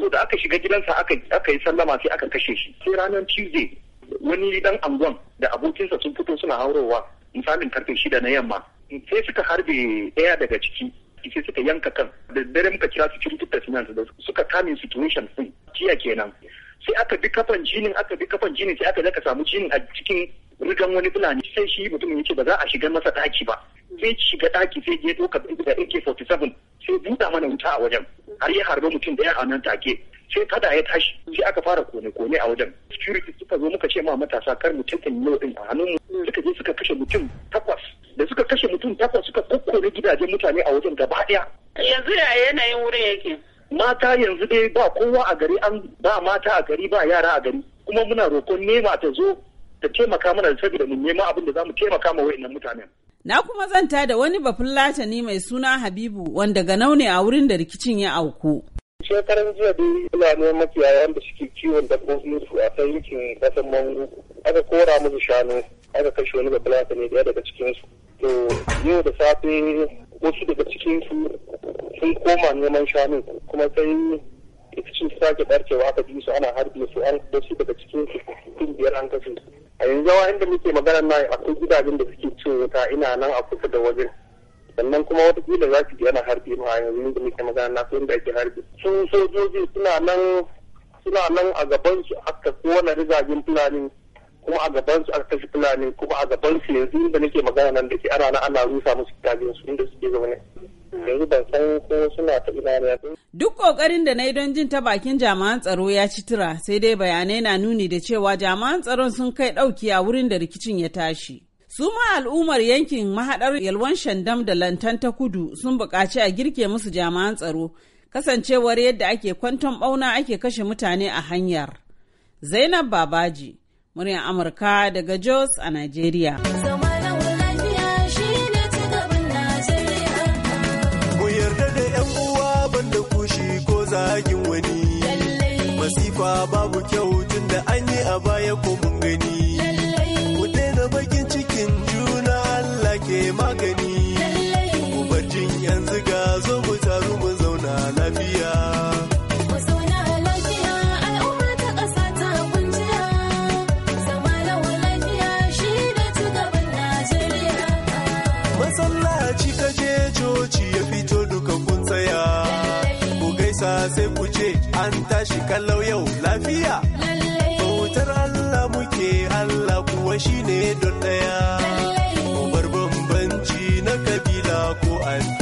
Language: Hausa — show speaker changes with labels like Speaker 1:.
Speaker 1: so da aka shiga gidansa aka yi sallama sai aka kashe shi sai ranar tuesday wani dan angon da abokinsa sun fito suna haurowa misalin karfe shida na yamma sai suka harbe daya daga ciki sai suka yanka kan da dare muka kira su cututtuka finance da suka kamin situation sun. jiya kenan sai aka bi kafan jinin aka bi kafan jinin sai aka zaka samu jinin a cikin rigan wani fulani sai shi mutumin ya ce ba za a shiga masa daki ba sai shiga daki sai je doka da AK47 sai buɗa mana wuta a wajen har ya harbi mutum da ya a nan take sai kada ya tashi sai aka fara kone-kone a wajen security suka zo muka ce ma matasa kar mu tantan yau din a hannun mm. suka je suka kashe mutum takwas da suka kashe mutum takwas suka kokkore gidajen mutane a wajen gaba daya
Speaker 2: yanzu ya yanayin wurin yake
Speaker 1: mata yanzu dai ba kowa a gari an ba mata a gari ba yara a gari kuma muna roƙon nema ta zo
Speaker 2: ta
Speaker 3: taimaka mana saboda mu nema abin da za mu taimaka ma wa'annan mutanen
Speaker 2: Na kuma zanta da wani bafulatani mai suna Habibu wanda ga ne a wurin da rikicin ya auku. Shekaran jiya dai ina ne makiyaya da suke kiwon dabbobin su a kan yankin kasan mangu. Aka
Speaker 3: kora musu shanu, aka kashe wani bafin latani daya daga cikinsu. To yau da safe wasu daga cikinsu sun koma neman shanu kuma sai rikicin su sake barkewa aka bi su ana harbe su an da daga cikin su biyar an kashe su. a yanzu wa inda muke magana na akwai gidajen da suke cin wuta ina nan a kusa da wajen sannan kuma wata kila za su yana harbi ma yanzu inda muke magana na su inda ake harbi su sojoji suna nan suna nan a gaban su aka kona rigajin fulani kuma a gaban su aka kashi fulani kuma a gaban su yanzu inda nake magana nan da ke ana na ana rusa musu gidajen su inda suke zaune
Speaker 2: duk kokarin da na yi don jin ta bakin jami'an tsaro ya ci tura sai dai bayanai na nuni da cewa jami'an tsaron sun kai ɗauki a wurin da rikicin ya tashi su ma al'ummar yankin mahaɗar yalwan shandam da lantan ta kudu sun buƙaci a girke musu jami'an tsaro kasancewar yadda ake kwanton ɓauna ake kashe mutane a hanyar zainab babaji muryar amurka daga jos a Najeriya. zagin
Speaker 4: wani masifa babu kyau tun da an yi a baya ko mun gani amsa sai ku ce an tashi kallau yau lafiya. Bautar Allah muke Allah kuwa shine don ɗaya. Bar bambanci na kabila ko addini.